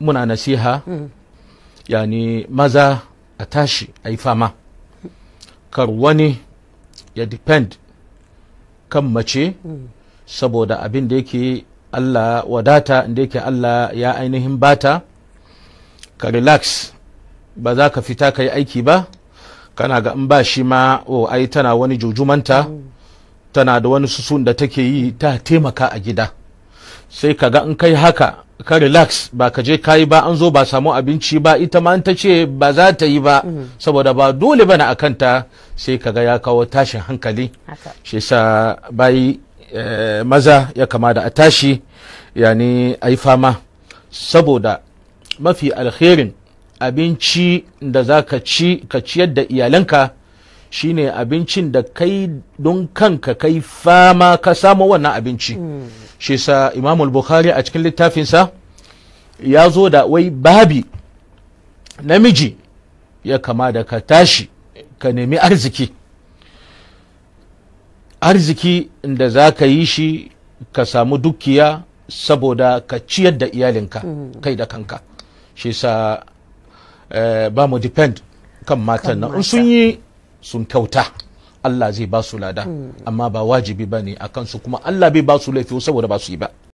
muna nasiha yani maza a tashi a yi fama kar wani ya depend kan mace saboda abin da yake Allah wadata da yake Allah ya ainihin bata ka relax ba za ka fita ka yi aiki ba kana ga in ba shi ma o oh, ai tana wani jujumanta tana da wani susun da take yi ta taimaka a gida sai ka ga in kai haka ka relax ba ka je kayi ba an zo ba samu abinci ba ita ma ta ce ba za ta yi ba saboda ba dole bane a kanta sai ka ga ya kawo tashin hankali shi sa bayi eh, maza ya kama da a tashi yani a yi fama saboda mafi alherin abinci da za ka ci ka ciyar da iyalanka shine abincin da kai don kanka kai fama ka samu wannan abinci. Mm. shi sa imamul bukhari a cikin littafinsa ya zo da wai babi namiji ya kama da ka tashi ka nemi arziki arziki da za ka yi shi ka samu dukiya saboda ka ciyar da iyalinka mm. kai da kanka shi sa eh, ba mu depend kan matan na sun yi sun kyauta Allah zai ba su lada amma ba wajibi ba ne a kansu kuma Allah bai ba su laifi saboda ba su yi ba